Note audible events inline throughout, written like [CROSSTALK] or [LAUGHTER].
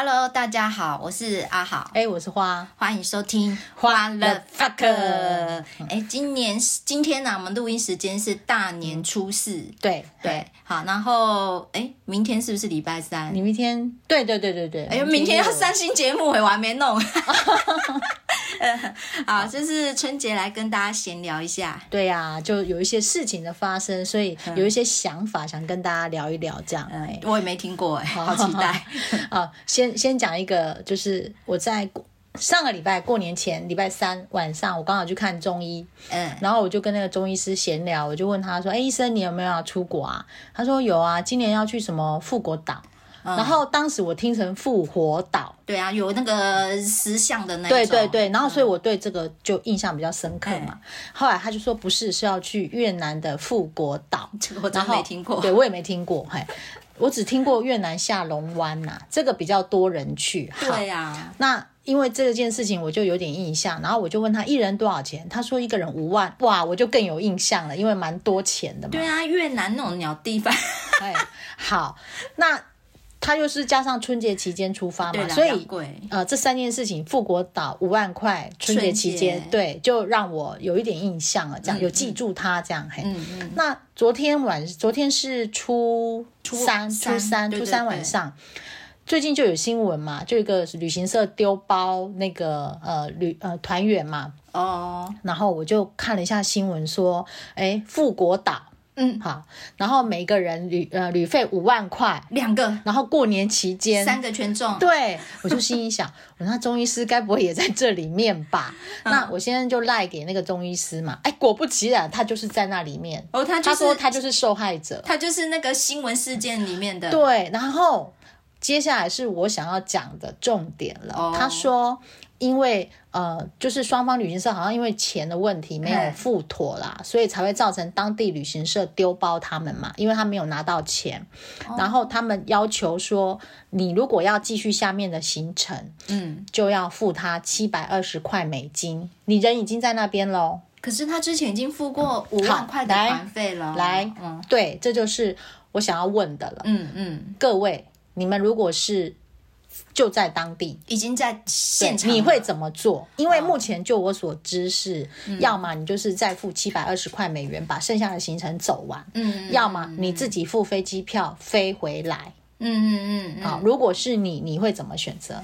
Hello，大家好，我是阿好，哎、欸，我是花，歡迎收聽歡樂 the FUCK。哎、欸，今年今天呢、啊，我們錄音時間是大年初四，嗯、對對，對，好，然後哎、欸，明天是不是禮拜三？你明天？對對對對對，哎呦、欸，明天要上新節目，我還沒弄。 [LAUGHS] [LAUGHS] 好，就是春節來跟大家閒聊一下。對呀、啊，就有一些事情的發生，所以有一些想法想跟大家聊一聊，這樣。哎、嗯，我也沒聽過，哎，好期待。啊， [LAUGHS] 先先講一個，就是我在上個禮拜過年前，禮拜三晚上，我剛好去看中醫。嗯，然後我就跟那個中醫師閒聊，我就問他說：“哎、欸，醫生，你有沒有要出國啊？”他說：“有啊，今年要去什麼富國島。”嗯、然後當時我聽成復活島，對啊，有那個石像的那個對對對，然後所以我對這個就印象比較深刻嘛。嗯、後來他就說不是，是要去越南的富國島，我真的沒聽過，對我也沒聽過，嘿，我只聽過越南下龍灣吶、啊， [LAUGHS] 這個比較多人去。對啊，那因為這件事情我就有點印象，然後我就問他一人多少錢，他說一個人五萬，哇，我就更有印象了，因為蠻多錢的嘛。對啊，越南那種鳥地方，哎， [LAUGHS] 好，那。他又是加上春節期間出發嘛，啦所以呃，這三件事情，富國島五萬塊，春節期間節對，就讓我有一點印象了這樣，嗯嗯，有記住他這樣嘿。嗯嗯，那昨天晚，昨天是初三初三，初三初三晚上，最近就有新聞嘛，就一個旅行社丟包那個呃旅呃團員、呃、嘛哦，然後我就看了一下新聞說，哎、欸，富國島。嗯好，然後每個人旅呃旅費五萬塊兩個，然後過年期間三個全中，對，我就心裡想， [LAUGHS] 哦、那中醫師該不會也在這裡面吧？嗯、那我現在就賴、like、給那個中醫師嘛，哎、欸，果不其然，他就是在那裡面，哦，他、就是、他說他就是受害者，他就是那個新聞事件裡面的，對，然後接下來是我想要講的重點了，哦、他說。因為呃，就是雙方旅行社好像因為錢的問題沒有付妥啦，Okay. 所以才會造成當地旅行社丟包他們嘛，因為他沒有拿到錢，Oh. 然後他們要求說，你如果要繼續下面的行程，嗯，就要付他七百二十塊美金，你人已經在那邊嘍，可是他之前已經付過五萬塊的團費了，嗯、來，嗯，來，嗯對，這就是我想要問的了，嗯嗯，嗯各位，你們如果是。就在當地，已經在現場。你會怎麼做？因為目前就我所知是，嗯、要麼你就是再付七百二十塊美元把剩下的行程走完，嗯，要麼你自己付飛機票、嗯、飛回來，嗯嗯嗯。好，嗯、如果是你，你會怎麼選擇？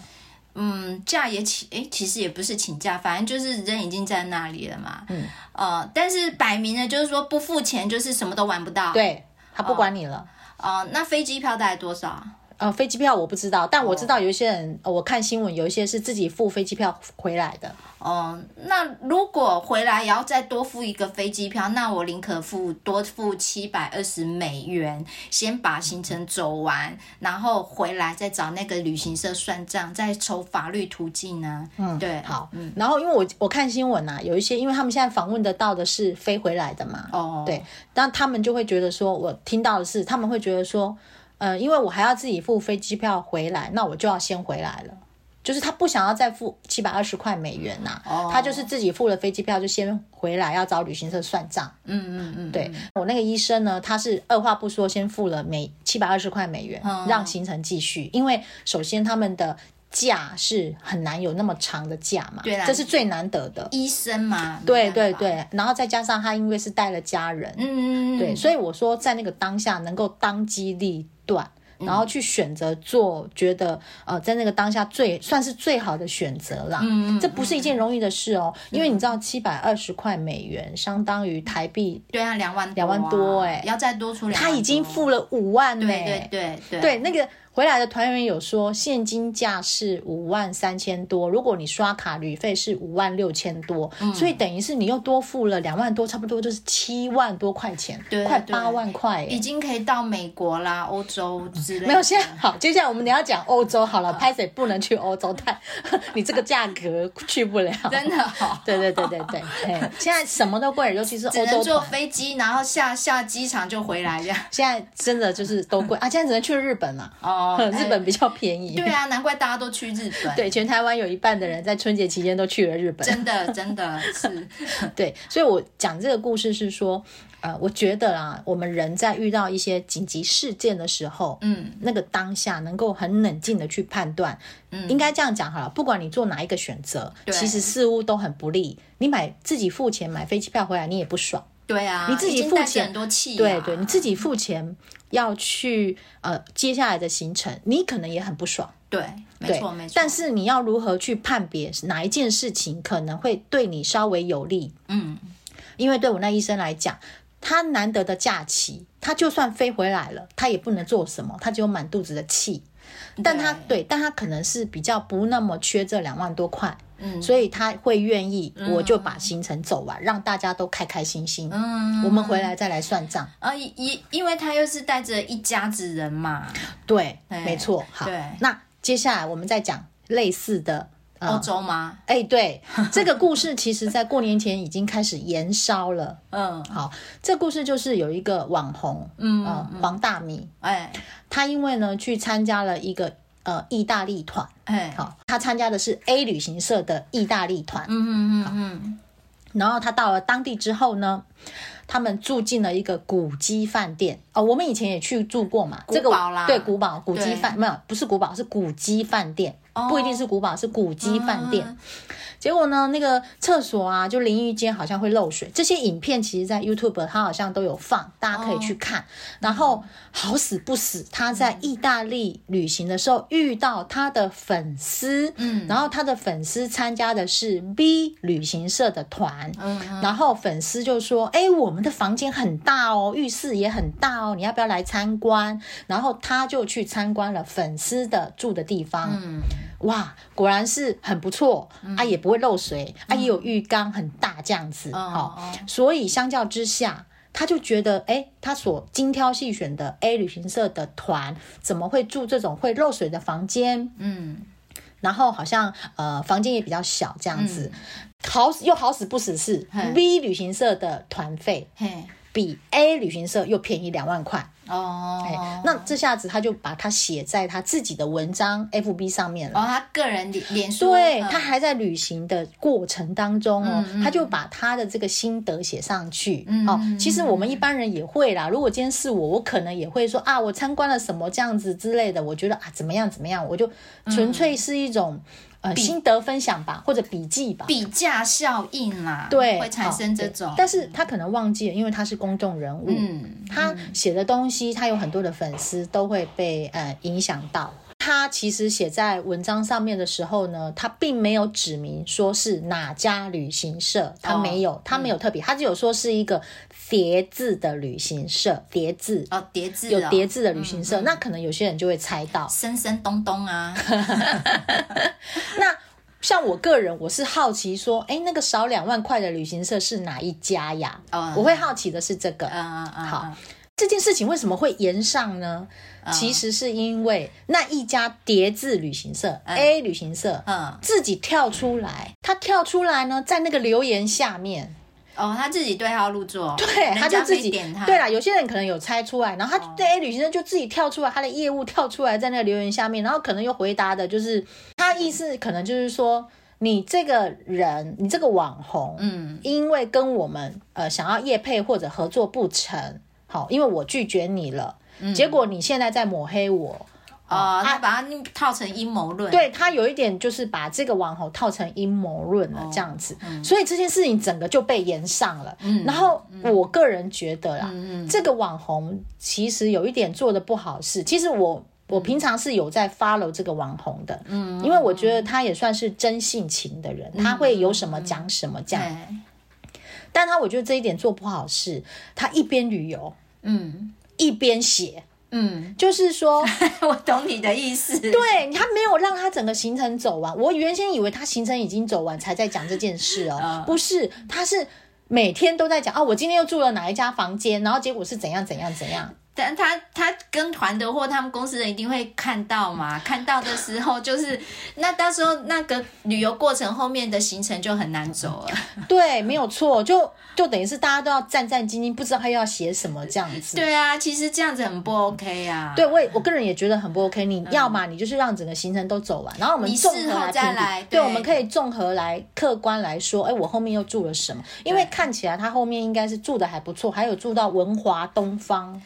嗯，假也請，誒、欸，其實也不是請假，反正就是人已經在那裡了嘛，嗯呃，但是擺明了就是說不付錢就是什麼都玩不到，對他不管你了，啊、呃呃，那飛機票大概多少？呃，飛機票我不知道，但我知道有一些人，哦哦、我看新聞有一些是自己付飛機票回來的。哦，那如果回來也要再多付一個飛機票，那我寧可付多付七百二十美元，先把行程走完，嗯、然後回來再找那個旅行社算賬，再走法律途徑呢、啊。嗯，對，好，嗯，然後因為我我看新聞啊，有一些，因為他們現在訪問得到的是飛回來的嘛，哦，對，但他們就會覺得說，我聽到的是，他們會覺得說。嗯，因為我還要自己付飛機票回來，那我就要先回來了。就是他不想要再付七百二十塊美元吶、啊，oh. 他就是自己付了飛機票就先回來，要找旅行社算賬、嗯。嗯嗯對嗯，對我那個醫生呢，他是二話不說先付了每七百二十塊美元，oh. 讓行程繼續。因為首先他們的假是很難有那麼長的假嘛，對啦這是最難得的醫生嘛。對對對，然後再加上他因為是帶了家人，嗯嗯嗯，對，所以我說在那個當下能夠當機立。然後去選擇做，覺得、嗯、呃，在那個當下最算是最好的選擇啦、嗯。嗯，這不是一件容易的事哦，嗯、因為你知道，七百二十塊美元相當於台幣。對啊，兩萬兩萬多哎、啊，2萬多欸、要再多出來。他已經付了五萬、欸。對對對對，對那個。回來的團員有說，現金價是五萬三千多，如果你刷卡，旅費是五萬六千多，所以等於是你又多付了兩萬多，差不多就是七萬多塊錢，嗯、快八萬塊、欸，已經可以到美國啦、歐洲之類的、嗯嗯。沒有，現在好，接下來我們等下講歐洲好了，拍謝，不能去歐洲，太， [LAUGHS] [LAUGHS] 你這個價格去不了，真的好，對對對對對，哎好、欸，現在什麼都貴，尤其是歐洲只能坐飛機，然後下下機場就回來這樣。 [LAUGHS] 現在真的就是都貴啊，現在只能去日本了、啊、哦。日本比較便宜，哎，對啊，難怪大家都去日本。 [LAUGHS] 對，全台灣有一半的人在春節期間都去了日本。真的，真的是。 [LAUGHS] 對，所以我講這個故事是說，呃，我覺得啦，我們人在遇到一些緊急事件的時候，嗯，那個當下能夠很冷靜的去判斷，嗯，應該這樣講好了。不管你做哪一個選擇，對其實似乎都很不利。你買自己付錢買飛機票回來，你也不爽。對啊，你自己付錢，啊、對對，你自己付錢要去呃接下來的行程，你可能也很不爽，對，沒錯對沒錯。但是你要如何去判別哪一件事情可能會對你稍微有利？嗯，因為對我那醫生來講，他難得的假期，他就算飛回來了，他也不能做什麼，他只有滿肚子的氣。對但他對，但他可能是比較不那麼缺這兩萬多塊，嗯，所以他會願意，我就把行程走完，嗯，讓大家都開開心心，嗯，我們回來再來算賬。啊，因因為他又是帶着一家子人嘛，對，對沒錯，好，對那接下來我們再講類似的。歐洲嗎？哎，對，這個故事其實，在過年前已經開始延燒了。嗯，好，這故事就是有一個網紅，嗯，黃大米，哎，他因為呢去參加了一個呃意大利團，哎，好，他參加的是 A 旅行社的意大利團，嗯嗯嗯，然後他到了當地之後呢，他們住進了一個古蹟飯店，哦，我們以前也去住過嘛，古堡啦，對，古堡古蹟飯，沒有，不是古堡，是古蹟飯店。不一定是古堡，是古蹟飯店。Oh. Uh huh. 結果呢，那個廁所啊，就淋浴間好像會漏水。這些影片其實，在 YouTube 它好像都有放，oh. 大家可以去看。然後好死不死，uh huh. 他在意大利旅行的時候遇到他的粉絲，uh huh. 然後他的粉絲參加的是 B 旅行社的團，uh huh. 然後粉絲就說：“哎、欸，我們的房間很大哦，浴室也很大哦，你要不要來參觀？”然後他就去參觀了粉絲的住的地方，uh huh. 嗯哇，果然是很不錯，啊，也不會漏水，嗯、啊，也有浴缸很大這樣子，哦，哦所以相較之下，他就覺得，誒、欸，他所精挑細選的 A 旅行社的團，怎麼會住這種會漏水的房間？嗯，然後好像呃，房間也比較小這樣子，嗯、好又好死不死是嘿 b 旅行社的團費比 A 旅行社又便宜兩萬塊。哦、oh, 欸，那這下子他就把他寫在他自己的文章 FB 上面了。哦，oh, 他個人臉書，對，他還在旅行的過程當中哦，嗯嗯，他就把他的這個心得寫上去。嗯嗯哦，其實我們一般人也會啦。如果今天是我，我可能也會說啊，我參觀了什麼這樣子之類的。我覺得啊，怎麼樣怎麼樣，我就純粹是一種。嗯呃，心得分享吧，或者筆記吧。比價效應啦、啊，對，會產生這種、哦。但是他可能忘記了，因為他是公眾人物，嗯，他寫的東西，他有很多的粉絲都會被呃影響到。他其實寫在文章上面的時候呢，他並沒有指明說是哪家旅行社？哦、他沒有，他沒有特別，嗯、他只有說是一個疊字的旅行社，疊字、哦、疊字哦，疊字有疊字的旅行社，嗯嗯，那可能有些人就會猜到森森東東啊。那像我個人，我是好奇說，哎、欸，那個少兩萬塊的旅行社是哪一家呀？哦、我會好奇的是這個，嗯嗯嗯嗯好。這件事情為什麼會延上呢？哦、其實是因為那一家疊字旅行社，嗯、A 旅行社，嗯，自己跳出來。嗯、他跳出來呢，在那個留言下面。哦，他自己對號入座。對，他，他就自己點他。對啦，有些人可能有猜出來，然後他對 A 旅行社就自己跳出來，他的業務跳出來在那個留言下面，然後可能又回答的就是，他意思可能就是說，嗯、你這個人，你這個網紅，嗯，因為跟我們呃想要業配或者合作不成。因為我拒絕你了，結果你現在在抹黑我啊！他把它套成陰謀論，對，他有一點就是把這個網紅套成陰謀論了，這樣子，所以這件事情整個就被炎上了。然後我個人覺得啊，這個網紅其實有一點做得不好事。其實我我平常是有在 follow 這個網紅的，嗯，因為我覺得他也算是真性情的人，他會有什麼講什麼講。但他我覺得這一點做不好事，他一邊旅遊。嗯，一邊寫，嗯，就是說， [LAUGHS] 我懂你的意思。對，他沒有讓他整個行程走完，我原先以為他行程已經走完才在講這件事哦，不是，他是每天都在講啊，哦，我今天又住了哪一家房間，然後結果是怎樣怎樣怎樣。但他他跟團的或他們公司的人一定會看到嘛， [LAUGHS] 看到的時候就是那到時候那個旅遊過程後面的行程就很難走了。對，沒有錯，就就等於是大家都要戰戰兢兢，不知道他要寫什麼這樣子。 [LAUGHS] 對啊，其實這樣子很不 OK 啊。對，我我個人也覺得很不 OK。你要嘛，嗯、你就是讓整個行程都走完，然後我們綜合來再來。對，我們可以綜合來客觀來說，哎、欸，我後面又住了什麼？因為看起來他後面應該是住得還不錯，還有住到文華東方。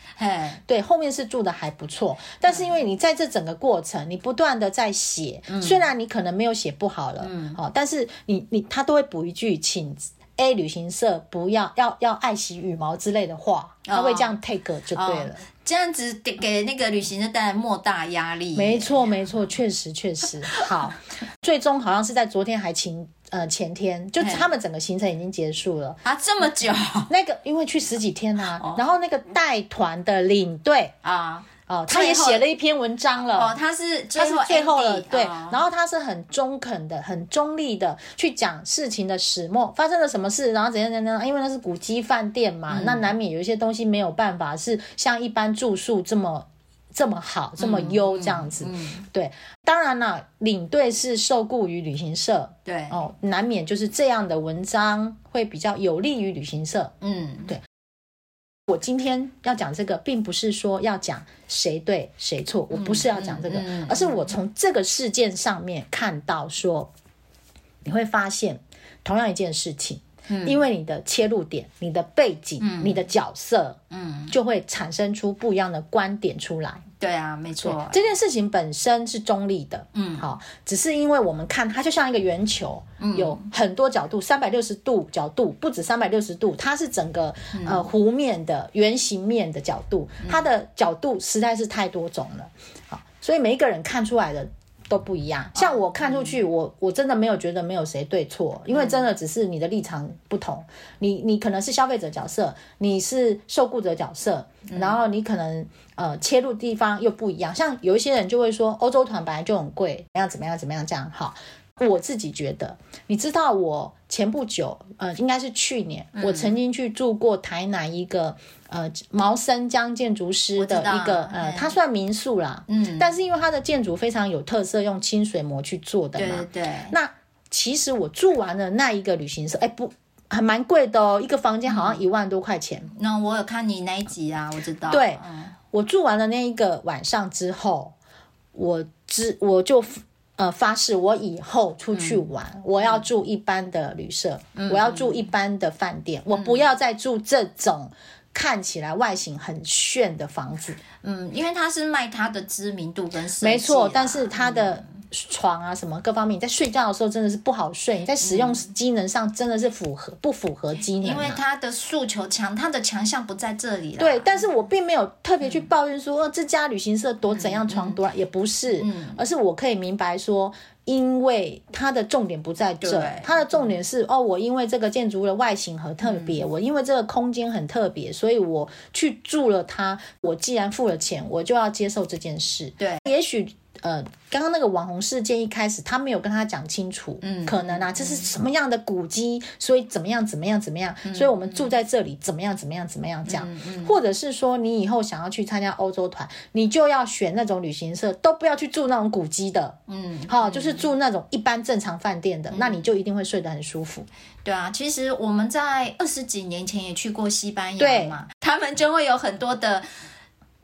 對，後面是住的還不錯，但是因為你在這整個過程，你不斷的在寫，雖然你可能沒有寫不好了，嗯哦、但是你你他都會補一句，請 A 旅行社不要要要愛惜羽毛之類的話，他會這樣 take 就對了，哦哦、這樣子給給那個旅行社帶來莫大壓力，嗯、沒錯沒錯，確實確實好， [LAUGHS] 最終好像是在昨天還請。呃，前天就他們整個行程已經結束了啊，這麼久，那個因為去十幾天呢、啊，然後那個帶團的領隊啊，哦、呃，最後，他也寫了一篇文章了，哦、啊，他是 D, 他是最後了，對，啊、然後他是很中肯的、很中立的去講事情的始末，發生了什麼事，然後怎樣怎樣，怎樣，因為那是古蹟飯店嘛，嗯、那難免有一些東西沒有辦法是像一般住宿這麼。這麼好，這麼優，這樣子，嗯嗯嗯、對，當然了，領隊是受僱於旅行社，對、嗯，哦，難免就是這樣的文章會比較有利於旅行社，嗯，對。我今天要講這個，並不是說要講誰對誰錯，嗯、我不是要講這個，嗯嗯、而是我從這個事件上面看到，說你會發現，同樣一件事情。因為你的切入點、嗯、你的背景、嗯、你的角色，嗯，就會產生出不一樣的觀點出來。對啊，沒錯。這件事情本身是中立的，嗯，好，只是因為我們看它就像一個圓球，嗯，有很多角度，三百六十度角度，不止三百六十度，它是整個、嗯、呃弧面的圓形面的角度，它的角度實在是太多種了，好、嗯，所以每一個人看出來的。都不一樣，像我看出去，哦、我我真的沒有覺得沒有誰對錯，嗯、因為真的只是你的立場不同，嗯、你你可能是消費者角色，你是受僱者角色，嗯、然後你可能呃切入地方又不一樣，像有一些人就會說歐洲團本來就很貴，怎樣怎樣怎樣這樣，好我自己覺得，你知道我前不久，呃，應該是去年，嗯、我曾經去住過台南一個呃毛森江建築師的一個呃，他、嗯、算民宿啦，嗯，但是因為他的建築非常有特色，用清水模去做的嘛，對對對，那其實我住完了那一個旅行社，哎，不，還蠻貴的哦，一個房間好像一萬多塊錢。嗯、那我有看你那一集啊，我知道。對，嗯、我住完了那一個晚上之後，我知我就。我就呃，發誓我以後出去玩，嗯、我要住一般的旅社，嗯、我要住一般的飯店，嗯、我不要再住這種看起來外形很炫的房子。嗯，嗯因為他是賣他的知名度跟名氣啊，沒錯，但是他的、嗯。床啊，什麼各方面，你在睡覺的時候真的是不好睡。嗯、在使用機能上真的是符合不符合機能、啊？因為它的訴求強，它的強項不在這裡。對，但是我並沒有特別去抱怨說，哦、嗯啊，這家旅行社多怎樣床躲，床多、嗯、也不是，嗯、而是我可以明白說，因為它的重點不在這對它的重點是、嗯、哦，我因為這個建築物的外形很特別，嗯、我因為這個空間很特別，所以我去住了它。我既然付了錢，我就要接受這件事。對，也許。呃，剛剛那個網紅事件一開始，他沒有跟他講清楚，嗯，可能啊，這是什麼樣的古蹟，嗯、所以怎麼樣怎麼樣怎麼樣，嗯、所以我們住在這裡、嗯、怎麼樣怎麼樣怎麼樣講，嗯嗯、或者是說你以後想要去參加歐洲團，你就要選那種旅行社，都不要去住那種古蹟的，嗯，好，就是住那種一般正常飯店的，嗯、那你就一定會睡得很舒服。對啊，其實我們在二十幾年前也去過西班牙嘛，對他們就會有很多的。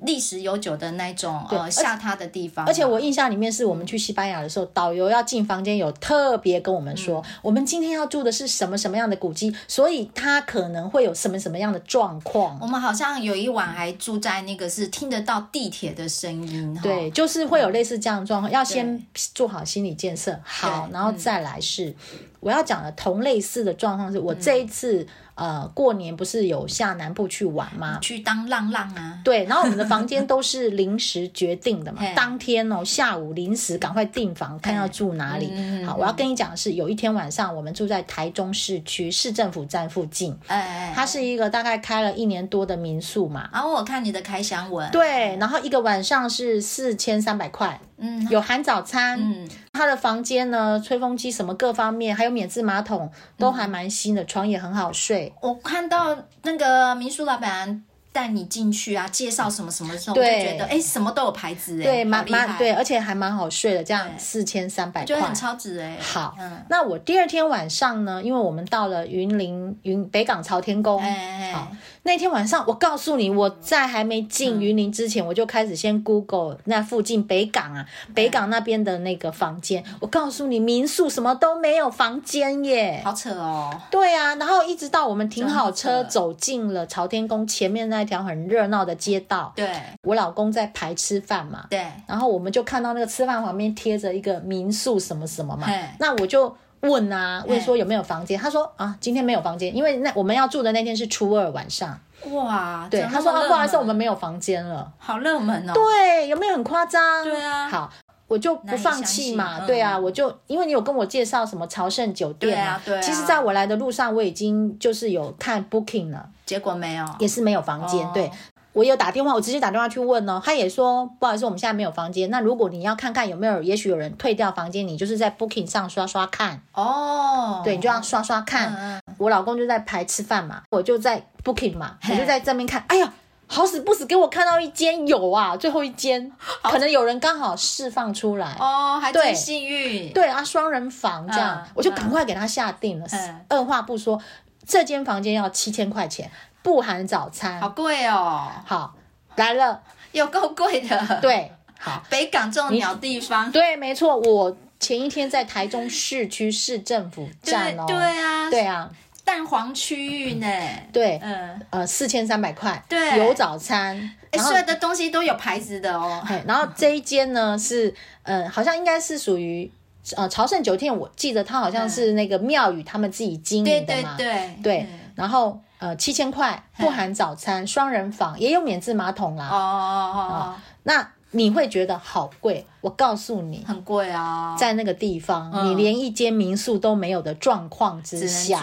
歷史悠久的那種呃、下榻的地方，而且我印象裡面是我們去西班牙的時候，嗯、導遊要進房間有特別跟我們說，嗯、我們今天要住的是什麼什麼樣的古蹟，所以他可能會有什麼什麼樣的狀況。我們好像有一晚還住在那個是聽得到地鐵的聲音，嗯、對，就是會有類似這樣的狀況，嗯、要先做好心理建設，對好，然後再來是、嗯、我要講的同類似的狀況是我這一次。嗯呃，過年不是有下南部去玩嗎？去當浪浪啊！對，然後我們的房間都是臨時決定的嘛， [LAUGHS] 當天哦，下午臨時趕快訂房，看要住哪裡。好，我要跟你講的是，有一天晚上我們住在台中市區市政府站附近，哎哎它是一個大概開了一年多的民宿嘛。然後、哦、我看你的開箱文，對，然後一個晚上是四千三百塊，嗯，有含早餐，嗯，他的房間呢，吹風機什麼各方面，還有免治馬桶都還蠻新的，床也很好睡。我看到那個民宿老闆帶你進去啊，介紹什麼什麼的時候，對我就覺得哎、欸，什麼都有牌子哎、欸，對，蠻蠻，對，而且還蠻好睡的，這樣四千三百塊，就很超值哎、欸。好，嗯、那我第二天晚上呢，因為我們到了雲林雲北港朝天宮，欸欸欸好。那天晚上，我告訴你，我在還沒進雲林之前，嗯、我就開始先 Google 那附近北港啊，嗯、北港那邊的那個房間。我告訴你，民宿什麼都沒有，房間耶。好扯哦。對啊，然後一直到我們停好車，走進了朝天宮前面那條很熱鬧的街道。對，我老公在排吃飯嘛。對，然後我們就看到那個吃飯旁邊貼着一個民宿什麼什麼嘛，嘿那我就。問啊，問說有沒有房間？欸、他說啊，今天沒有房間，因為那我們要住的那天是初二晚上。哇，對，他說他不好意思，我們沒有房間了。好熱門哦、嗯。對，有沒有很誇張？對啊。好，我就不放棄嘛。嗯、對啊，我就因為你有跟我介紹什麼朝聖酒店嘛。對啊，對啊。其實在我來的路上，我已經就是有看 booking 了，結果沒有，也是沒有房間。哦、對。我有打電話，我直接打電話去問哦，他也說不好意思，我們現在沒有房間。那如果你要看看有沒有，也許有人退掉房間，你就是在 booking 上刷刷看哦。對，你就要刷刷看。嗯、我老公就在排吃飯嘛，我就在 booking 嘛，嘿我就在正面看。哎呀，好死不死，給我看到一間有啊，最後一間，好可能有人剛好釋放出來哦，還挺幸運。對啊，雙人房這樣，嗯、我就趕快給他下定了，嗯、二話不說，這間房間要七千塊錢。不含早餐，好貴哦！好來了，有夠貴的。對，好北港這種鳥地方，對，沒錯。我前一天在台中市區市政府站哦，對啊，對啊，蛋黃區域呢？對，呃，四千三百塊，對，有早餐，哎，所有的東西都有牌子的哦。然後這一間呢是，呃，好像應該是屬於呃朝聖酒店，我記得它好像是那個廟宇他們自己經營的嘛，對對對對，然後。呃，七千塊不含早餐，雙人房也有免治馬桶啦。哦、嗯、哦，那你會覺得好貴？我告訴你，很貴啊！在那個地方，嗯、你連一間民宿都沒有的狀況之下，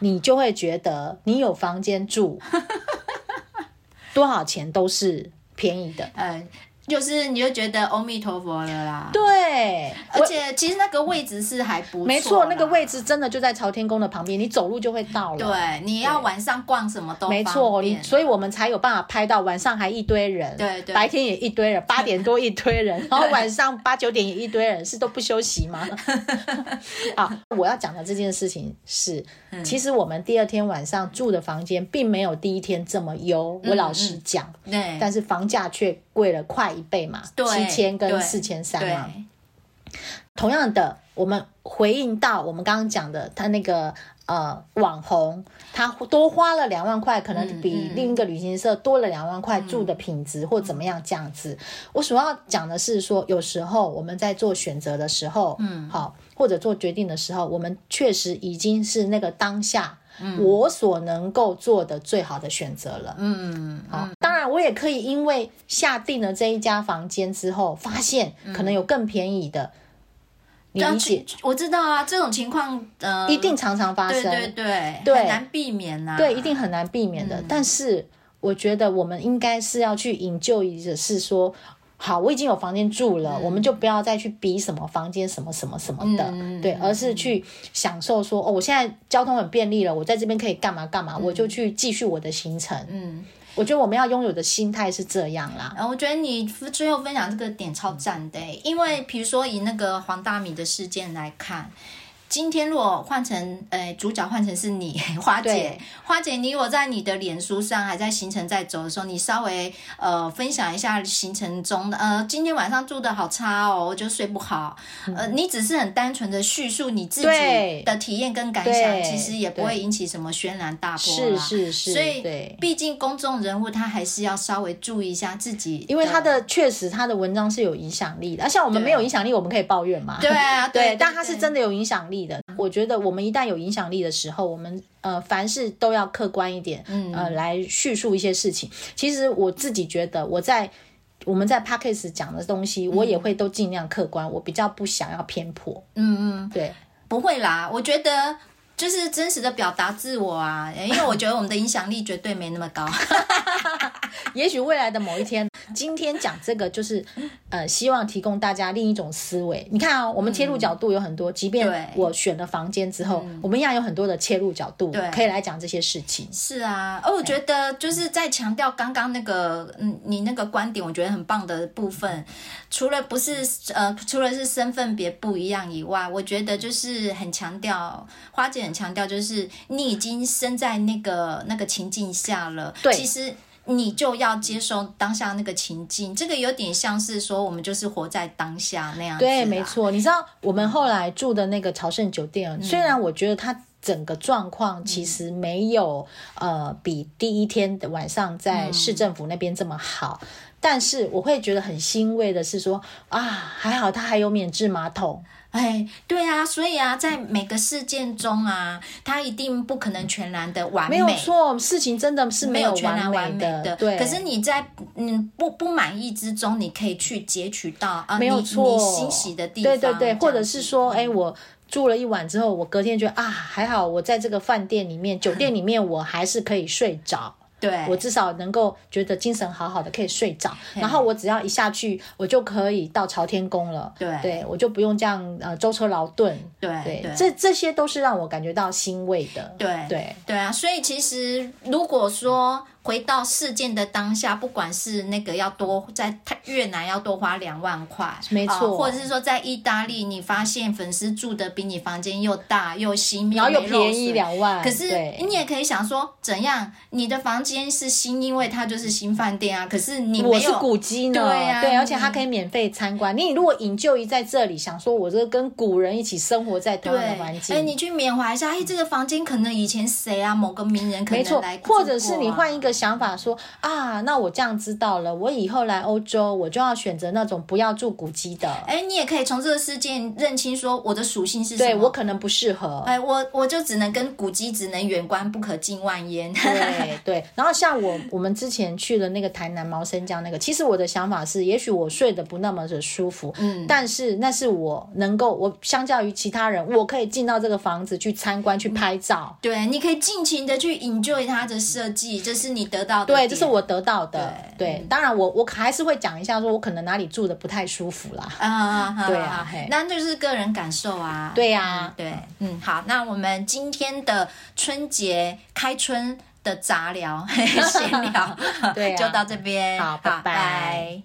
你就會覺得你有房間住， [LAUGHS] 多少錢都是便宜的。嗯就是你就覺得阿彌陀佛了啦，對，而且其實那個位置是還不錯，沒錯，那個位置真的就在朝天宮的旁邊，你走路就會到了。對，你要晚上逛什麼都沒錯，所以我們才有辦法拍到晚上還一堆人，對對，白天也一堆人，八點多一堆人，然後晚上八九點也一堆人，是都不休息嗎？我要講的這件事情是，其實我們第二天晚上住的房間並沒有第一天這麼優，我老實講，但是房價卻貴了快一倍嘛，七對千跟四千三嘛。同樣的，我們回應到我們剛剛講的，他那個呃網紅，他多花了兩萬塊，可能比另一個旅行社多了兩萬塊住的品質、嗯、或怎麼樣這樣子。嗯、我主要講的是說，有時候我們在做選擇的時候，嗯，好，或者做決定的時候，我們確實已經是那個當下、嗯、我所能夠做的最好的選擇了嗯。嗯，好。我也可以，因為下定了這一家房間之後，發現可能有更便宜的，嗯。了解，啊、我知道啊，這種情況呃，嗯、一定常常發生，對對對，對很難避免吶，啊，對，一定很難避免的。嗯，但是，我覺得我們應該是要去引的是說，好，我已經有房間住了，嗯，我們就不要再去比什麼房間什麼什麼什麼的，嗯、對，而是去享受說，哦，我現在交通很便利了，我在這邊可以幹嘛幹嘛，我就去繼續我的行程，嗯。嗯我覺得我們要擁有的心態是這樣啦，然後、啊、我覺得你最後分享這個點超讚的、欸，嗯、因為比如說以那個黃大米的事件來看。今天如果換成呃、欸、主角換成是你花姐，對花姐你我在你的臉書上還在行程在走的時候，你稍微呃分享一下行程中的呃今天晚上住的好差哦，我就睡不好。嗯、呃，你只是很單純的敘述你自己的體驗跟感想，其實也不會引起什麼軒然大波。是是是。對，所以畢竟公眾人物他還是要稍微注意一下自己，因為他的確實他的文章是有影響力的。而像我們沒有影響力，我們可以抱怨嘛？對啊對， [LAUGHS] 但他是真的有影響力。我覺得我們一旦有影響力的時候，我們呃，凡事都要客觀一點，嗯、呃，來敘述一些事情。嗯、其實我自己覺得，我在我們在 podcast 講的東西，嗯、我也會都盡量客觀，我比較不想要偏頗。嗯嗯，對，不會啦，我覺得。就是真實的表達自我啊，因為我覺得我們的影響力絕對沒那麼高。 [LAUGHS] [LAUGHS] 也許未來的某一天，今天講這個就是，呃，希望提供大家另一種思維。你看哦，我們切入角度有很多，嗯、即便我選了房間之後，嗯、我們一樣有很多的切入角度對可以來講這些事情。是啊，而、哦、我覺得就是在強調剛剛那個，嗯，你那個觀點，我覺得很棒的部分，除了不是呃，除了是身份別不一樣以外，我覺得就是很強調花姐。很強調就是你已經身在那個那個情境下了，對，其實你就要接受當下那個情境，這個有點像是說我們就是活在當下那樣，對，沒錯。你知道我們後來住的那個朝聖酒店，雖然我覺得它，嗯整個狀況其實沒有、嗯、呃比第一天的晚上在市政府那邊這麼好。嗯、但是我會覺得很欣慰的是說，啊還好他還有免治馬桶。哎對呀、啊，所以啊在每個事件中啊，他一定不可能全然的完美，沒有錯，事情真的是沒有，沒有全然完美的，對。可是你在嗯不不滿意之中，你可以去截取到啊沒有錯你你欣喜的地方，對，對對對，或者是說哎我。住了一晚之後，我隔天覺得啊，還好我在這個飯店裡面、嗯、酒店裡面，我還是可以睡着。對，我至少能夠覺得精神好好的，可以睡着。嗯、然後我只要一下去，我就可以到朝天宮了。對，對我就不用這樣呃舟車勞頓。對，對對，這這些都是讓我感覺到欣慰的。對，對，對啊，所以其實如果說。嗯回到事件的當下，不管是那個要多在越南要多花兩萬塊，沒錯，或者是說在意大利，你發現粉絲住的比你房間又大又新，又然後又便宜兩萬。可是對你也可以想說，怎樣你的房間是新，因為它就是新飯店啊。可是你沒有古蹟呢，對呀、啊，你對，而且它可以免費參觀。你，你如果隱居在這裡，想說我這個跟古人一起生活在同一個環境，哎對，你去緬懷一下，哎，這個房間可能以前誰啊？某個名人可能來過、啊，或者是你換一個。想法說啊，那我這樣知道了，我以後來歐洲，我就要選擇那種不要住古蹟的。哎，你也可以從這個事件認清說我的屬性是什麼？對我可能不適合。哎，我我就只能跟古蹟只能遠觀不可近萬焉。對對。然後像我我們之前去了那個台南毛森江那個，其實我的想法是，也許我睡得不那麼的舒服，嗯，但是那是我能夠我相較於其他人，我可以進到這個房子去參觀去拍照。對，你可以盡情的去 enjoy 它的設計，這就是你。得到的對，這是我得到的對。當然，我我還是會講一下，說我可能哪裡住得不太舒服啦。對啊，那那就是個人感受啊。對啊，對，嗯，好，那我們今天的春節開春的雜聊閒聊，對，就到這邊，好，拜拜。